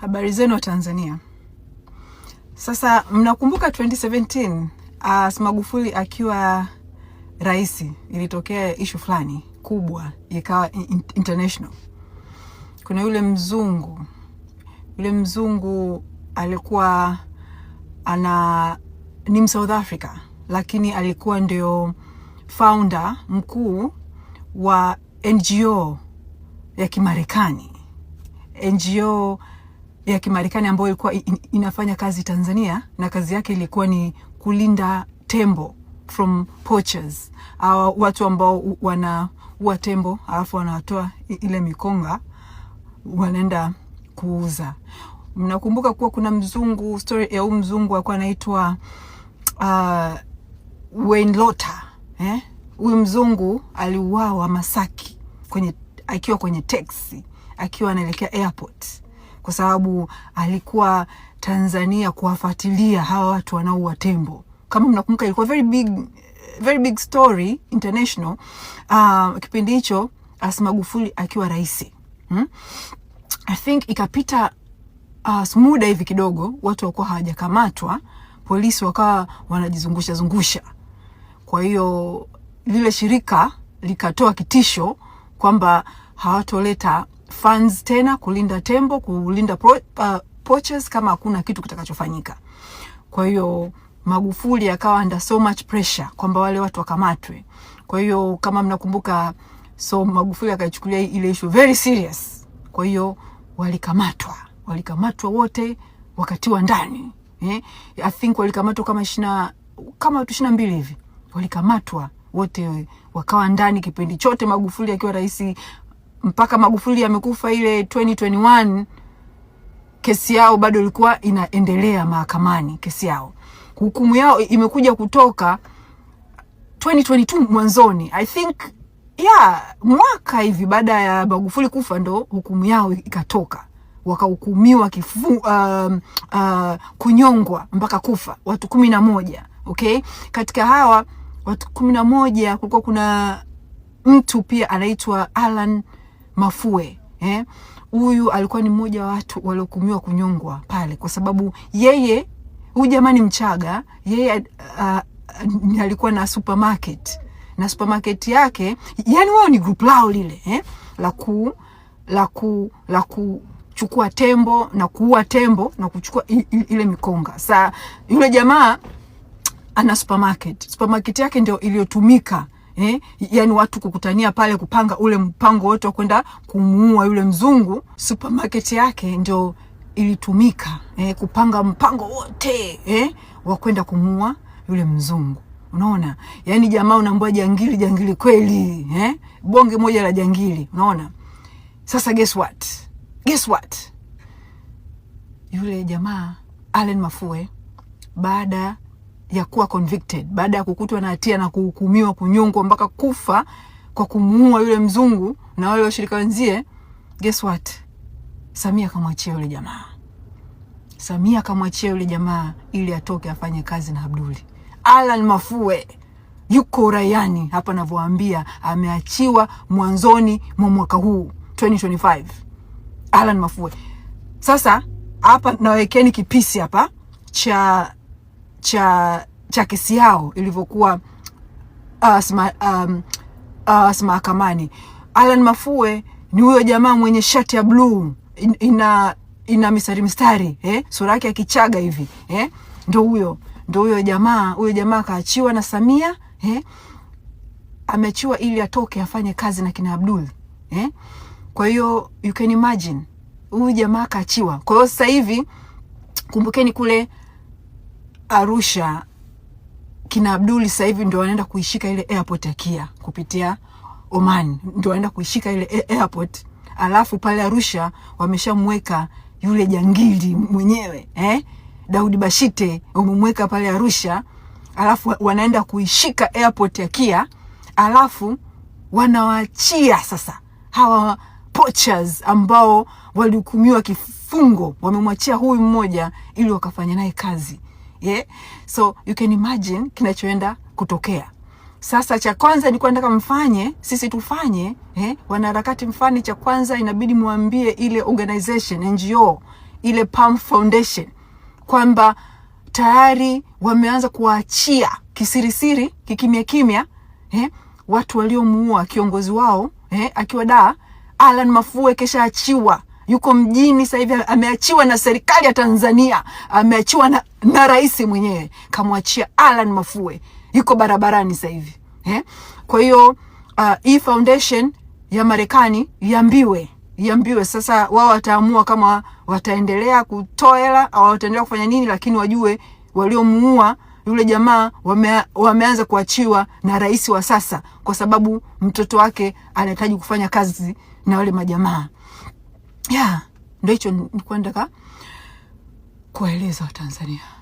Habari zenu wa Tanzania. Sasa mnakumbuka 2017 as ah, Magufuli akiwa rais, ilitokea ishu fulani kubwa ikawa international. Kuna yule mzungu, yule mzungu alikuwa ana ni South Africa, lakini alikuwa ndio founder mkuu wa NGO ya Kimarekani, NGO ya Kimarekani ambayo ilikuwa inafanya kazi Tanzania, na kazi yake ilikuwa ni kulinda tembo from poachers, au watu ambao wanaua tembo alafu wanatoa ile mikonga wanaenda kuuza. Mnakumbuka kuwa kuna mzungu story ya huyu mzungu alikuwa anaitwa uh, Wayne Lotter eh? Huyu mzungu aliuawa Masaki kwenye, akiwa kwenye taxi akiwa anaelekea airport kwa sababu alikuwa Tanzania kuwafuatilia hawa watu wanaua tembo. Kama mnakumbuka, ilikuwa very big, very big story international uh, kipindi hicho Asa Magufuli akiwa rais hmm? I think ikapita uh, muda hivi kidogo, watu walikuwa hawajakamatwa, polisi wakawa wanajizungusha zungusha. Kwa hiyo lile shirika likatoa kitisho kwamba hawatoleta funds tena kulinda tembo, kulinda pro, uh, poachers kama hakuna kitu kitakachofanyika. Kwa hiyo Magufuli akawa under so much pressure kwamba wale watu wakamatwe. Kwa hiyo kama mnakumbuka, so Magufuli akaichukulia ile issue very serious. Kwa hiyo walikamatwa, walikamatwa wote wakatiwa ndani eh? I think walikamatwa kama shina, kama watu ishirini na mbili hivi walikamatwa wote wakawa ndani kipindi chote Magufuli akiwa rais, mpaka Magufuli amekufa ile 2021 kesi yao bado ilikuwa inaendelea mahakamani, kesi yao, hukumu yao imekuja kutoka 2022 mwanzoni, I think yeah, mwaka hivi baada ya Magufuli kufa ndo hukumu yao ikatoka, wakahukumiwa kifu uh, uh, kunyongwa mpaka kufa watu kumi na moja. Okay, katika hawa watu kumi na moja kulikuwa kuna mtu pia anaitwa Alan Mafue eh? huyu eh, alikuwa ni mmoja wa watu waliohukumiwa kunyongwa pale, kwa sababu yeye huyu jamani Mchaga yeye uh, uh, alikuwa na supermarket na supermarket yake, yani wao ni group lao lile eh, la ku la ku la chukua tembo na kuua tembo na kuchukua ile mikonga. Sa yule jamaa ana supermarket, supermarket yake ndio iliyotumika eh, yani watu kukutania pale kupanga ule mpango wote wa kwenda kumuua yule mzungu. Supermarket yake ndio ilitumika eh, kupanga mpango wote eh, wa kwenda kumuua yule mzungu. Unaona, yani jamaa unaambia jangili jangili kweli eh? Bonge moja la jangili. Unaona sasa, guess what? Guess what? Yule jamaa Allen Mafue baada ya kuwa convicted baada ya kukutwa na hatia na kuhukumiwa kunyongwa mpaka kufa kwa kumuua yule mzungu na wale washirika wenzie. Guess what, Samia akamwachia yule jamaa. Samia akamwachia yule jamaa ili atoke afanye kazi na Abduli. Alan Mafue yuko uraiani hapa navyowaambia, ameachiwa mwanzoni mwa mwaka huu 2025. Alan Mafue sasa hapa nawekeni kipisi hapa cha cha, cha kesi yao ilivyokuwa uh, mahakamani. Um, uh, Alan Mafue ni huyo jamaa mwenye shati ya bluu in, ina, ina mistari mistari eh? Sura yake akichaga hivi eh? Ndo huyo ndo huyo jamaa. Huyo jamaa kaachiwa na Samia eh? Ameachiwa ili atoke afanye kazi na kina Abdul eh? Kwa hiyo you can imagine huyu jamaa kaachiwa. Kwa hiyo sasa hivi kumbukeni kule Arusha kina Abduli sasa hivi ndio wanaenda kuishika ile airport ya Kia kupitia Oman, ndio wanaenda kuishika ile airport. Alafu pale Arusha wameshamweka yule jangili mwenyewe eh? Daudi Bashite wamemweka pale Arusha, alafu wanaenda kuishika airport ya Kia, alafu wanawaachia sasa hawa poachers ambao walihukumiwa kifungo, wamemwachia huyu mmoja ili wakafanya naye kazi yeah? So you can imagine kinachoenda kutokea. Sasa cha kwanza ni kwenda mfanye sisi tufanye eh, wanaharakati mfani Cha kwanza inabidi mwambie ile organization NGO ile Palm Foundation kwamba tayari wameanza kuwaachia kisirisiri kikimya kimya eh, watu waliomuua kiongozi wao eh, akiwa da Alan Mafue kesha achiwa yuko mjini sasa hivi, ameachiwa na serikali ya Tanzania, ameachiwa na, na rais mwenyewe kamwachia Alan Mafue, yuko barabarani sasa hivi eh? Kwa hiyo uh, hii foundation ya Marekani iambiwe iambiwe sasa, wao wataamua kama wataendelea kutoa hela au wataendelea kufanya nini, lakini wajue waliomuua yule jamaa wame, wameanza kuachiwa na rais wa sasa, kwa sababu mtoto wake anahitaji kufanya kazi na wale majamaa ya yeah. Ndo hicho nikuwa nataka kuwaeleza Watanzania.